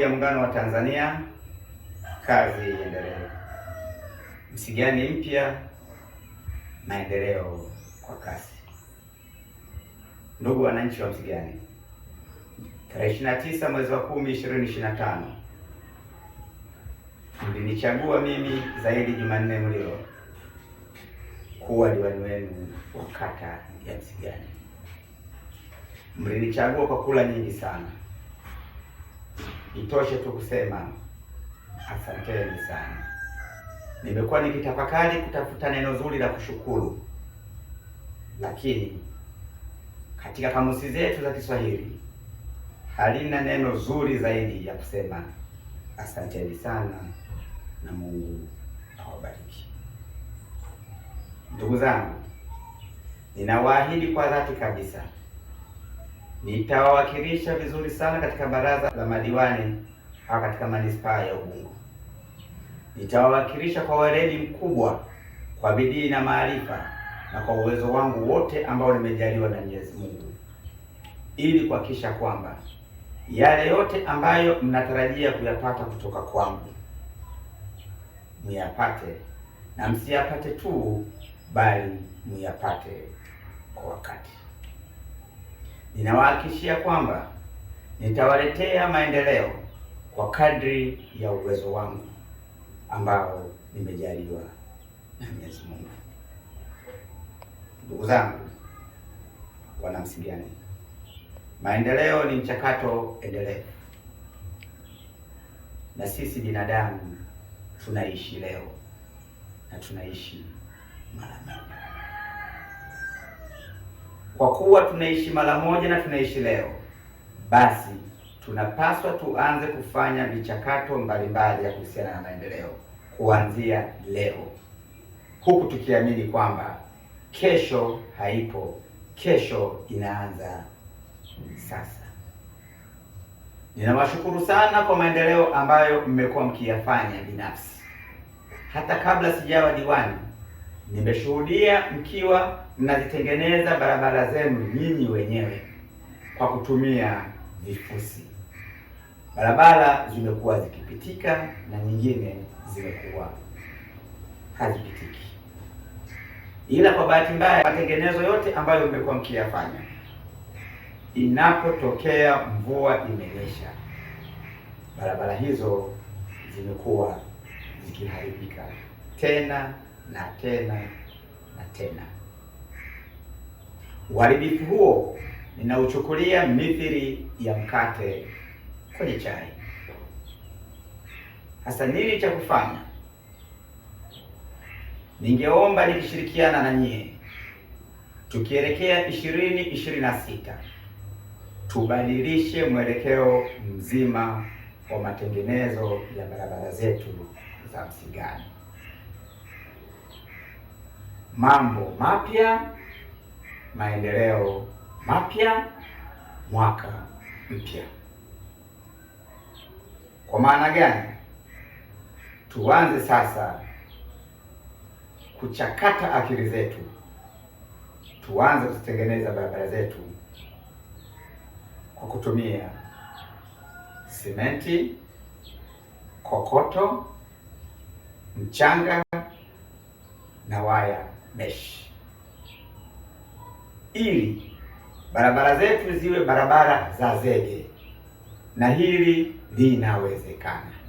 Jamhuri ya Muungano wa Tanzania, kazi iendelee. Msigani mpya, maendeleo kwa kasi. Ndugu wananchi wa Msigani, tarehe 29 mwezi wa 10 2025 mlinichagua mimi Zaidi Jumanne Mlilo kuwa diwani wenu wa kata ya Msigani. Mlinichagua kwa kula nyingi sana. Itoshe tu kusema asanteni sana. Nimekuwa nikitafakari kutafuta neno zuri la kushukuru, lakini katika kamusi zetu za Kiswahili halina neno zuri zaidi ya kusema asanteni sana na Mungu awabariki. Ndugu zangu, ninawaahidi kwa dhati kabisa nitawawakilisha vizuri sana katika baraza la madiwani au katika manispaa ya Ubungo. Nitawawakilisha kwa weledi mkubwa, kwa bidii na maarifa, na kwa uwezo wangu wote ambao nimejaliwa na Mwenyezi Mungu, ili kuhakikisha kwamba yale yote ambayo mnatarajia kuyapata kutoka kwangu muyapate, na msiyapate tu, bali muyapate kwa wakati. Ninawahakikishia kwamba nitawaletea maendeleo kwa kadri ya uwezo wangu ambao nimejaliwa na Mwenyezi Mungu. Ndugu zangu wana Msigani, maendeleo ni mchakato endelevu, na sisi binadamu tunaishi leo na tunaishi mara moja. Kwa kuwa tunaishi mara moja na tunaishi leo, basi tunapaswa tuanze kufanya michakato mbalimbali ya kuhusiana na maendeleo kuanzia leo, huku tukiamini kwamba kesho haipo, kesho inaanza sasa. Ninawashukuru sana kwa maendeleo ambayo mmekuwa mkiyafanya binafsi hata kabla sijawa diwani nimeshuhudia mkiwa mnazitengeneza barabara zenu nyinyi wenyewe kwa kutumia vifusi. Barabara zimekuwa zikipitika na nyingine zimekuwa hazipitiki, ila kwa bahati mbaya matengenezo yote ambayo mmekuwa mkiyafanya, inapotokea mvua imenyesha, barabara hizo zimekuwa zikiharibika tena na tena na tena. Uharibifu huo ninauchukulia mithili ya mkate kwenye chai. Hasa nini cha kufanya? Ningeomba nikishirikiana na nyie, tukielekea ishirini ishirini na sita tubadilishe mwelekeo mzima wa matengenezo ya barabara zetu za Msigani mambo mapya, maendeleo mapya, mwaka mpya. Kwa maana gani? Tuanze sasa kuchakata akili zetu, tuanze kutengeneza barabara zetu kwa kutumia simenti, kokoto, mchanga na waya mesh ili barabara zetu ziwe barabara za zege, na hili linawezekana.